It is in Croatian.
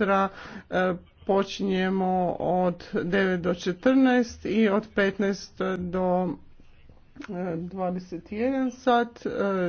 sutra e, počinjemo od 9 do 14 i od 15 do 21 e, sat. E,